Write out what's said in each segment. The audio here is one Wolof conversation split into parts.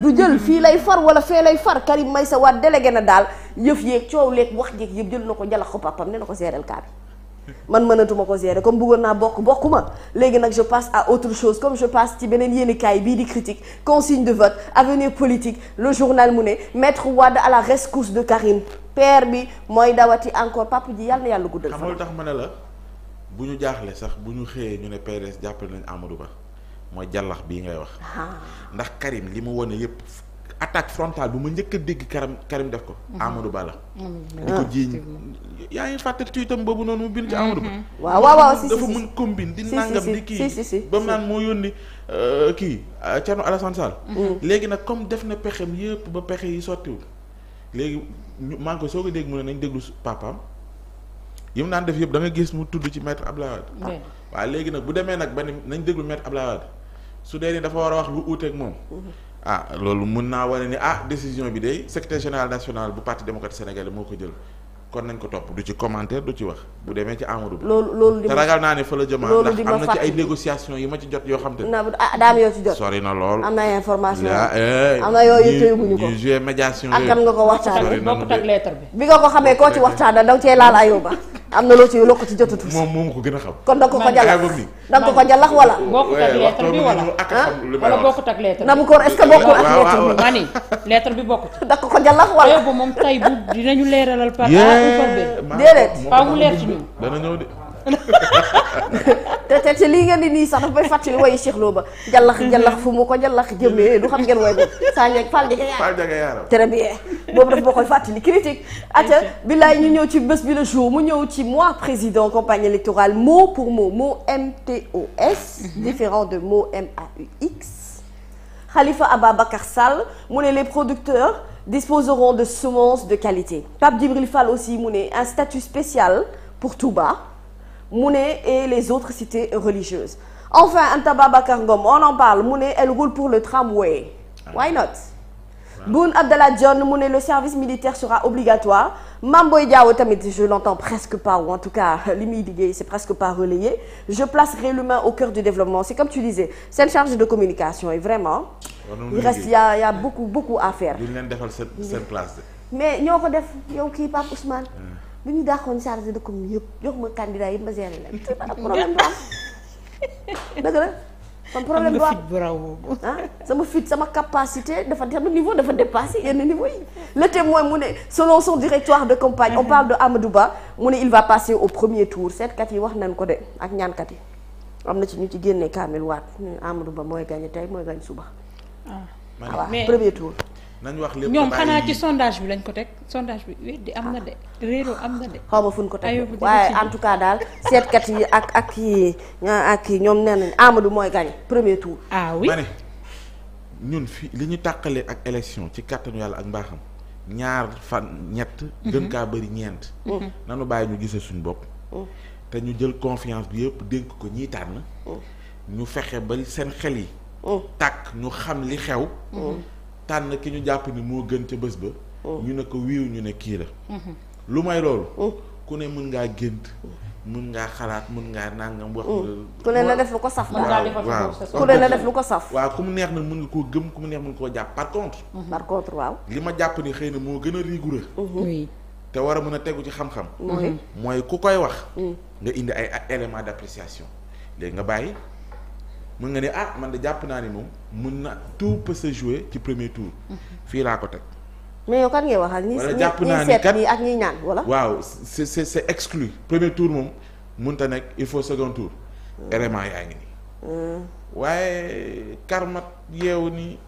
du jël fii lay far wala fee lay far Karim Meïssa Wade délégué na daal yëf yeeg coow leeg wax jeeg yëpp jël na ko jalax ko papam ne na ko gérer kaa bi man mënatuma ko gérer comme bëggoon naa bokk bokkuma léegi nag je passe à autre chose comme je passe ci beneen yéenekaay bii di critique consigne de vote avenir politique le journal mu ne maître Wade à la rescousse de Karim père bi mooy dawati encore papa ji yàlla yàlla guddal. xam nga tax ma ne la bu ñu jaaxle sax bu ñu xëyee ñu ne PDS jàppale nañ mooy jàllax bii ngay wax. Ah. ndax Karim li mu wane yépp attaque frontale bu ma njëkk a dégg Karim Karim def ko. Mhm. Amadou Ba la. di ko jiiñ yaa ngi fàttali tuitam boobu noonu mu bind ci Amadou Ba. Mhm. waaw waaw waaw si dafa mën combine di nangam di kii ba mu naan moo yónni euh, kii euh, Thierno Alassane Sall. Mhm. léegi nag comme def na pexem yëpp ba pexe yi sottiwul léegi ñu maa soo ko dégg mun nañ déglu papaam yi mu naan def yëpp da nga gis mu tudd ci maître Abdoulaye Wade. waaw léegi nag bu demee nag ba ni nañ déglu maître Abdoulaye su dee ni dafa war a wax lu uuteeg moom. ah loolu mun naa war ni ah décision bi day secrétaire général national bu parti démocrate sénégalais moo ko jël kon nañ ko topp du ci commentaire du ci wax bu demee ci Amadou Ba. loolu loolu di ragal naa ne fa la jëmaa ndax am na ci ay yi ma ci jot yoo xam te. na ah, daam yoo ci jot sori na lool. am na information eh, am na yooyu tëyguñu ko ñuy médiation ak kan nga ko waxtaanee. sori na mu bi nga ko xamee koo ci waxtaanee daw cee laal ayoo ba. am na loo ci loo ko ci jotatul. moom moom ko gën a xam. kon da nga ko ko jàllax da ko ko jàllax wala. bokkut ak lettre bi wala wala bokkut ak lettre bi. Nabou Cor ak lettre bi. ma ni bi bokkut. da ko ko jàllax wala. léegi moom tey bu dinañu leeralal par A ou par B. déedéet faaw mu leer ci ñun. te lii ngeen di nii sax dafa fàttali wayu Cheikh Lo ba jàllax jàllax fu mu ko jàllax jëmee du xam ngeen way boobu saa ñeeg Fall Ndiaye Fall Ndiaye yaaram bien boobu dafa ma koy fàttali critique ata billaay ñu ñëw ci bés bi le jour mu ñëw ci moi président campagne électorale mot pour mot mot MTOS mhm. différent de mot MAUX Khalifa Ababacar Sall mu ne les producteurs disposeront de semences de qualité Pape Djibril Fall aussi mu ne un statut spécial pour Touba mu ne et les autres cités religieuses enfin Anta Babacar Ngom on en parle mu ne elle roule pour le tramway ah. why not Boun Abdallah Dionne mu ne le service militaire sera obligatoire Mame Boye Diao tamit je l'entends presque pas ou en tout cas li muy liggéey c'est presque pas relayé je placerai l'humain au cœur du développement c'est comme tu disais seen charge de communication et vraiment oh, il y a y beaucoup beaucoup à faire. mais ñoo ko def yow kii bi ñu daaxoon chargé de commune yëpp jox ma candidat yi ma géré leen problème du am dëgg la ah, sama fit sama capacité dafa sama niveau dafa dépassé yenn niveau yi le témoin mu ne selon son directoire de compagne on parle de Amadou Ba mu ne il va passer au premier tour seetkat yi wax nañ ko de ak ñaankat yi am na ci ñu ci génnee kaamil waat Amadou Ba mooy gagné tey mooy gagné suba waaw ah. ah, premier tour nañ wax lépp ñoom xanaa ci sondage bi lañ ko teg sondage bi di am na de ah. réeroo am na de. xaw ma fuñ ko teg waaye en tout cas daal seetkat yi ak ak kii ak kii ñoom nee nañ mooy gagné premier tour. ah oui ma ñun fi li ñu tàqale ak élection ci kàttanu yàlla ak mbaaxam ñaar fan ñett. Mhm. gën kaa bëri ñeent. Mhm. nanu bàyyi ñu gisee suñu bopp. Mhm. te ñu jël confiance bi yëpp dénk ko ñiitaan tànn. ñu fexe ba seen xel yi. tàkk ñu xam li xew. tànn ki ñu jàpp ni moo gën ca bés ba. Oh. ñu ne ko wiiw ñu ne kii la. Mm-hmm. lu may loolu. Oh. ku ne mën ngaa gént. mën ngaa xalaat mën ngaa nangam wax. Oh. ku ne na def lu ko ku ne na def lu ko saf. waaw ku mu neex na mën nga koo gëm ku mu neex mën koo jàpp par contre. Mm-hmm. par contre waaw. li ma jàpp ni xëy na moo gën a rigoureux. Mm-hmm. te war a mën a tegu ci xam-xam. mooy ku koy wax. Mm. nga indi ay éléments d'appréciation léegi nga bàyyi. mun nga ne ah man de jàpp naa ni moom mun na tout peut se ci premier tour. fii laa ko teg. mais yow kan ngay waxal ñi jàpp naa ni kat ak ñi ñaan wala. waaw c'est c'est c'est exclu premier tour moom mënut a nekk il faut second tour. Hmm. élément yaa ngi nii. Hmm. waaye karmat yeewu nii.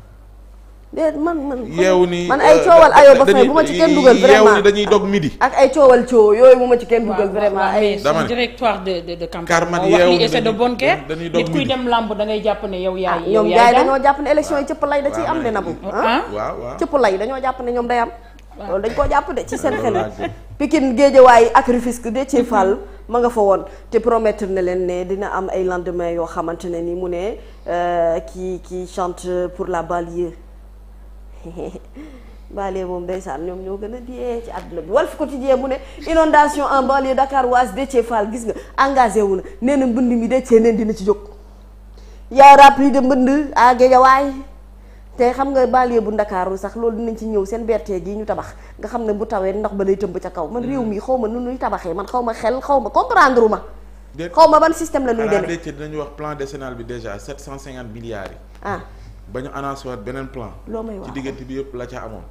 déet man man yeewu ni man ay coowal euh, ayoo ba fay bu ma ci kenn dugal vraiment yeewu ni ay coowal coow yooyu bu ma ci kenn dugal vraiment ay dama directoire de de de campagne car man yeewu ni c'est de bonne guerre nit kuy dem lamb da ngay jàpp ne yow yaay ah, ñoom yaay dañoo jàpp ne élection yi ah, ah? cëpp lay dañoo jàpp ne ñoom day am loolu dañ koo jàpp de ci seen xel Pikine Géejawaay ak Rufisque de ci Fall ma nga fa woon te promettre na leen ne dina am ay lendemain yoo xamante ne ni mu ne kii euh, kii chante pour la banlieue banlieue moom ndeysaan ñoom ñoo gën a dee ci àdduna bi Walf Quotidien bu ne inondation en banlieue Dakar waas Déthié Fall gis nga engagé wu na nee na mbënd mi Déthié neen dina ci jóg yaa rappli de mbënd à Guédiawaye te xam nga banlieue bu ndakaaru sax loolu dinañ ci ñëw seen berte gii ñu tabax nga xam ne bu tawee ndox ba lay tëmb ca kaw man réew mi mm. xaw ma nu nuy tabaxee man xaw ma xel xaw ma comprendre ma xaw ma ban système la nuy demee dinañu wax plan décennal bi déjà 750 milliards yi ah ba ñu annoncé waat beneen plan. loo ci diggante bi yëpp la ca amoon.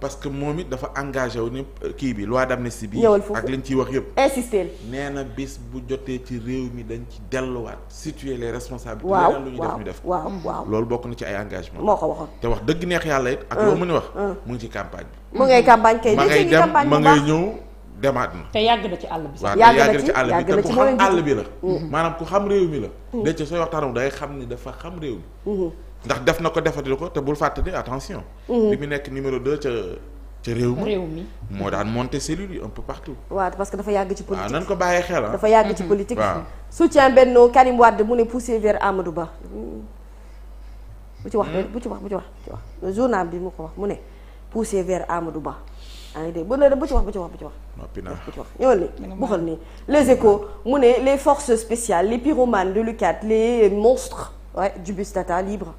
parce que moom it dafa engagé wu ni euh, kii bi loi d'amnistie bi. ñëwal foofu ak liñ ciy wax yëpp. insister nee na bis bu jotee ci réew mi dañ ci delluwaat situer les responsabilités. waaw waaw lu ñu def ñu def. waaw loolu bokk na ci ay engagement. moo ko te wax dëgg neex yàlla it. ak mm, loo mën a wax. Mm. mu ngi ci campagne bi. mu ngay campagne kay. ma ngay dem ma ngay ñëw. demaat na te yàgg na ci àll bi. yàgg na ci àll bi te ku xam àll bi la. Mm. maanaam ku xam réew mi la. de ci day xam ni dafa xam réew mi. Mm-hmm. ndax def na ko defati ko te bul fàtte ne attention. Mm. li mu nekk numéro 2 ca ca réew mi mi. moo daan monter cellules yi un peu partout. waaw parce que dafa yàgg ci politique waaw nan ko bàyyee xel ah. dafa yàgg ci mm-hmm. politique. waaw soutien Benno Karim Wade mu ne poussé vers Amadou Ba. Mm. bu ci wax mm. bu ci wax bu ci wax bu ci wax journal bi mu ko wax mu ne poussé vers Amadou Ba. yaa ngi dégg bu ne bu ci wax bu ci wax bu ci wax. bu ci wax ñëwal nii buxal nii. les échos mu ne les forces spéciales les pyromanes de l'UCAD les monstres ouais, du bus Tata libre.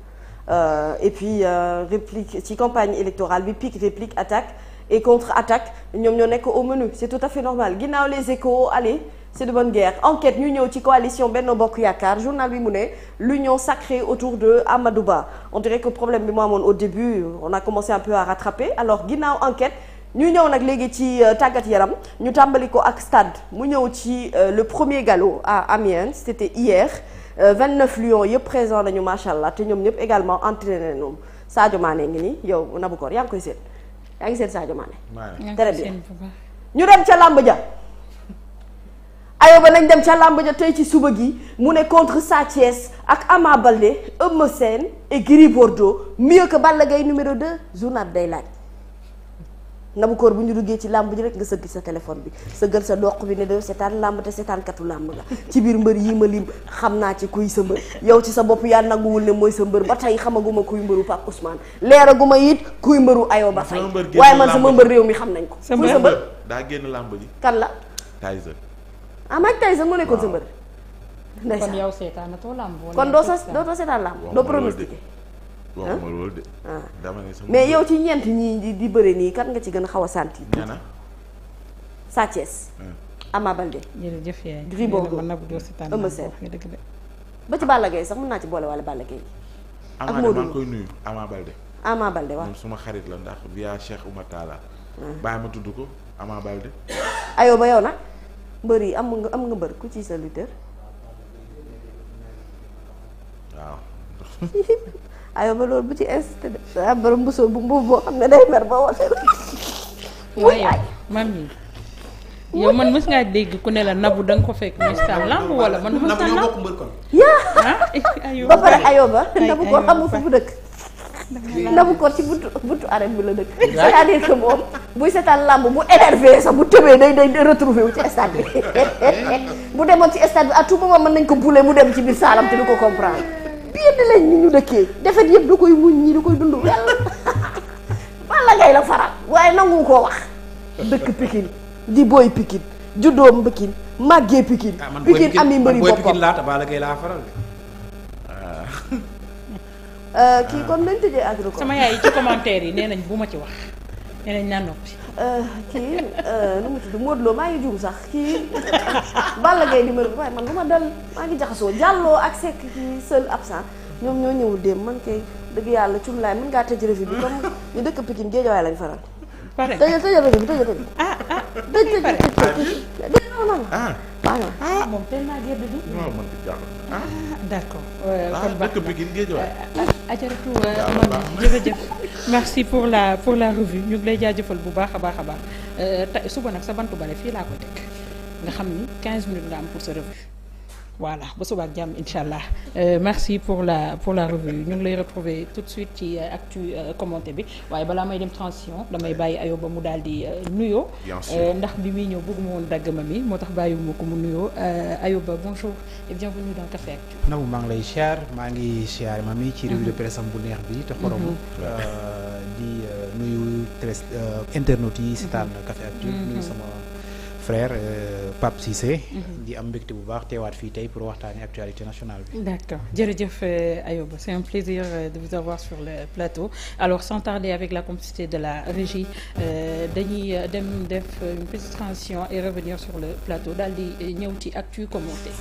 Euh, et puis euh, réplique ci campagne électorale bi pic réplique attaque et contre-attaque ñoom ñoo nekk au menu c'est tout à fait normal ginnaaw les échos allez c'est de bonne guerre enquête ñu ñëw ci coalition Benno Bokk Yaakaar journal bi mu ne l'union sacrée autour de Amadou Ba on dirait que problème bi moo amoon au début on a commencé un peu à rattraper alors ginnaaw enquête ñu ñëw nag léegi ci euh, tàggat yaram ñu tàmbali ko ak stade mu ñëw ci le premier galop à Amiens c'était hier Euh, vingt 29 lions yëpp présent nañu macha allah te ñoom ñëpp également entraîné nañu Sadio Mané ngi nii yow Nabou Cor yaa ngi koy seet yaa ngi seet Sadio Mané. très bien ñu dem ca làmb ja. ayoba nañ dem ca làmb ja tey ci suba gi mu ne contre Sa Thiès ak Ama Baldé Eumeu seen et Gris Bordeaux mieux que Balla Gaye numéro 2 journal day laaj. nabu koor bu ñu duggee ci làmb ji rek nga sëgg sa téléphone bi sëggal sa doq bi ne doo seetaan làmb te seetaankatu làmb nga ci biir mbër yi ma lim xam naa ci kuy sa mbër yow ci sa bopp yaa nanguwul ne mooy sa mbër ba tey xamaguma kuy mbëru Pape Ousmane leeraguma it kuy mbëru Ayo ba tey waaye man sama mbër réew mi xam nañ ko sa mbër daa génn làmb ji kan la Tyson ah Mike Tyson moo nekkoon sa mbër kon yow seetaanatoo làmb kon doo sa dootoo seetaan làmb doo pronostiqué waxuma loolu de. Ah. dama mais yow ci ñeent ñi di bëre nii kat nga ci gën a xaw a santi. ñana Sa Thiès. Hmm. Ama Baldé. jërëjëf yaay. Gris Bordeaux Eumeu Sène ba ci Balla Gaye sax mën naa ci boole wala Balla Gaye. ak Modou Ama maa ngi koy nuyu Ama Baldé. Ama Baldé waaw moom xarit la ndax via Cheikh Oumar Talla. Hmm. ma tudd ko Ama Baldé. ayoo ba yow nag mbër yi am nga am nga mbër ku ci sa lutteur. waaw. aywa ba loolu bu ci insisté de daa mbusoo bu mbuuf boo xam ne day mer ba woote. muy ay mami yow man mës ngaa dégg ku ne la nabu da nga ko fekk mës taa lamb wala man. mës taa lamb yaa ba pare ayoo ba nabu ko xamul fu mu dëkk. nabu ko ci buntu buntu arène bi la dëkk. c'est-à-dire que moom buy seetaan lamb bu énervé sax bu tëbee day day day retrouvé wu ci stade bi bu demoon ci stade bi à tout moment mën nañ ko bouler mu dem ci biir saalam te du ko comprendre. yenn lañ ni ñu dëkkee defet yëpp da koy muñ ñii da koy dund wel Balla Gaye la faral waaye nangu koo wax dëkk Pikine di booy Pikine juddoom Pikine ah, màggee Pikine Pikine ami mbëri boppam Pikine laata Balla laa faral de ah. euh, kii kon lañ tëjee agro sama yaay yi ci commentaire yi nee nañ bu ma ci wax ne lañ naa noppi. Euh, kii euh, nu mu tudd Modou Lo maa ngi juum sax kii Balla Gaye numéro bi waaye man lu ma dal maa ngi jaxasoo jàlloo ak sekk kii seul absent ñoom ñoo ñëwul démb man kay dëgg yàlla cum laay mën ngaa tëj revue bi comme ñu dëkk Pikine géejawaay lañ faral. pare tëjal tëjal revue bi tëjal tëjal. ah ah tëj tëj tëj tëj ah. ah ah moom teel naa gerte bi. non man di jàll. ah d'accord. Ah, euh, kon ba dëkk Pikine géejawaay. ah ah jërëjëf. jërëjëf. merci pour la pour la revue ñu ngi lay jëfal bu baax a baax a baax euh, suba nag sa bantu bale fii laa koy teg nga xam ni quinze minutes nga am pour sa revue. voilà ba suba ak jàmm incha allah euh, merci pour la pour la revue ñu ngi lay retrouver tout de suite ci euh, actu euh, commenté bi waaye balaa may dem transition damay bàyyi ayoo ba mu daal di nuyoo. ndax bi muy ñëw bëgguma woon dagg ma mi moo tax bàyyiwuma ko mu nuyoo ayoo ba bonjour et bienvenue dans Café Actu. maa ngi lay siyaar maa ngi siyaar ma ci revue de mhm. presse am neex bi te xorom. Mhm. di nuyu très internautes yi seetaan Café Actu mhm. nuyu sama. frère euh, Pape Cissé. Mhm. di am mbégte bu baax te waat fii tey pour waxtaanee actualité nationale bi. d'accord jërëjëf euh, Ayoba c'est un plaisir euh, de vous avoir sur le plateau alors sans tarder avec la complicité de la régie dañuy dem def une petite transition et revenir sur le plateau daal di ñëw ci actu commenté.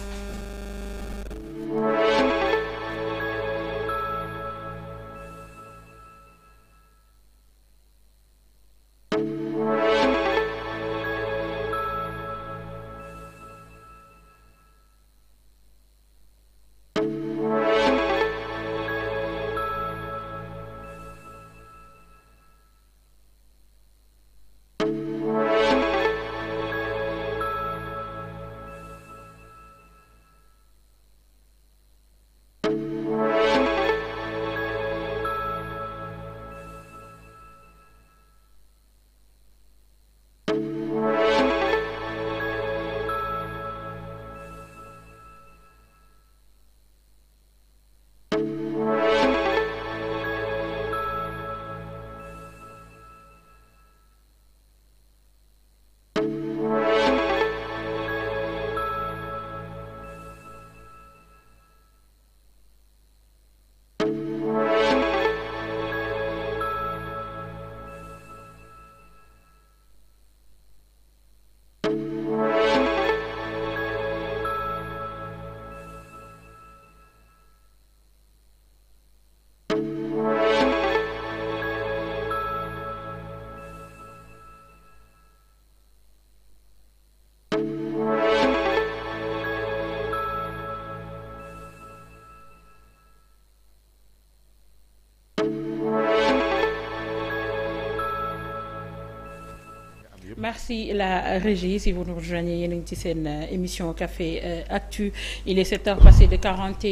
merci la régie si vous nous rejoignez yéen a ngi ci seen euh, émission Café euh, Actu il est sept heures passées de quarante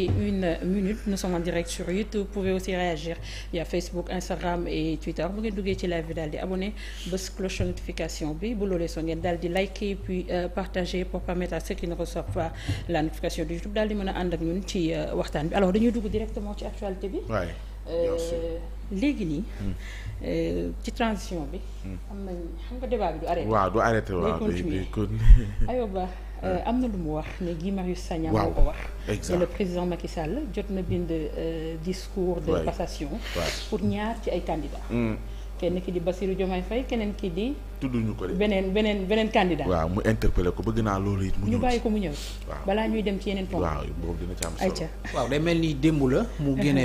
minutes nous sommes direct sur YouTube pouvez aussi réagir via Facebook Instagram et Twitter bu ngeen duggee ci live bi daal di abonné bés cloche notification bi bu loolee soo ngeen daal di liker puis euh, partager pour permettre à ceux qui ne reçoivent pas la notification du YouTube daal di mën a ànd ak ñun ci waxtaan bi alors dañuy dugg directement ci actualité léegi nii. Hmm. Euh, ci transition bi. Hmm. am nañ xam nga débat bi du arrêté. waaw du arrêté waaw day day continuer ayoba euh, hmm. am na lu mu wax ne Guy Marius Sagna moo ko wax. exactement le président Macky Sall jot na bind euh, discours de passation. pour ñaar ci ay candidats. kenn ki di Bassirou Diomaye Faye keneen ki di. tudduñu ko de beneen beneen beneen candidat. waaw mu interpellé ko bëgg naa loolu it mu ñëw ñu bàyyi ko mu ñëw. waaw balaa ñuy dem ci yeneen ponk. waaw boobu dina ci am solo. ayca waaw day mel ni démb la mu génnee.